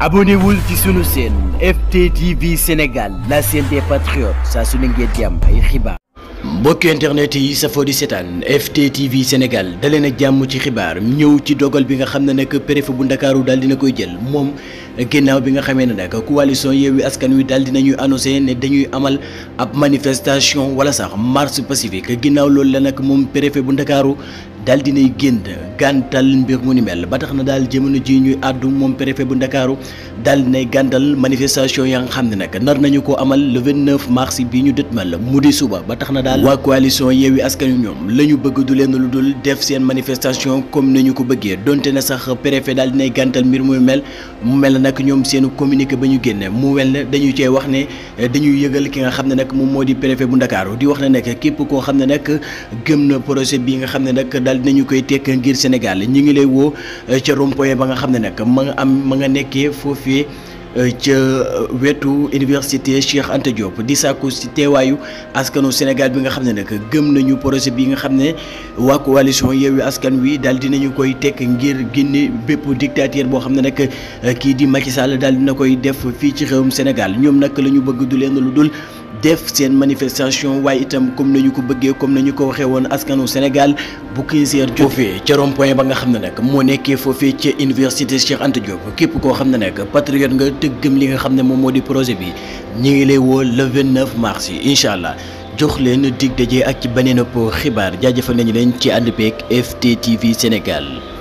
abonnez-vous ci sunu chaîne FTTV Sénégal la chaîne des patriotes Ça, su ne ngeen di ay internet yi safoo di seetaan FTTV Sénégal dalee na ci xibaar ñew ci dogal bi nga xam ne préfet bu Dakarou dal dina koy jël mom ginnaw bi nga xamee ne coalition Yewwi Askan Wi daal dinañuy annoncer né dañuy amal ab manifestation wala sax marche pacifique ginnaw loolu la nak mom préfet bu Dakarou daal dinay génn gàntal mbir mu ni mel ba tax na daal jamono ji ñuy àddu moom préfet bu ndakaaru daal dinay gàntal manifestation yaa nga xam ne nag nar nañu ko amal le 29 mars bi ñu dëtmal mu di suba ba tax na daal waa coalition Yewwi Askan Wi ñoom la ñu bëgg du lu dul def seen manifestation comme nañu ko bëggee donte ne sax préfet daal dinay gàntal mbir muy mel mu mel na nag ñoom seen communiqué ba ñu génne mu mel ne dañu cee wax ne dañuy yëgal ki nga xam ne nag moom moo di préfet bu ndakaaru di wax ne nag képp koo xam ne na projet bi nga xam ne nag daal dinañu koy tekk ngir Sénégal ñu ngi lay woo euh, ca rond ba nga xam ne nag ma nga am ma nga nekkee foofee euh, ca euh, wetu université Cheikh Anta Diop di sàkku ci teewaayu askanu Sénégal bi nga xam ne nag gëm nañu projet bi nga xam ne waa coalition Yewwi Askan Wi daal dinañu koy tekk ngir génne bépp dictateur boo xam ne nag kii di Macky Sall daal dina koy def fii ci réewum Sénégal ñoom nag lañu bëgg du leen lu dul. def seen manifestation way itam comme nañu ko bëggee comme nañu ko waxé won askanu Sénégal bu 15 heures jotee ca rond point ba nga xamné ne mo nekké fofé ci université Cheikh Anta Diop képp koo xam ne patriote nga tëggam li nga xamné mom modi projet bi ñi ngi lay wo le 29 mars inshallah jox leen dig daje ak ci beneen xibar jajeufal nañu leen ci ànd beeg FTTV Sénégal.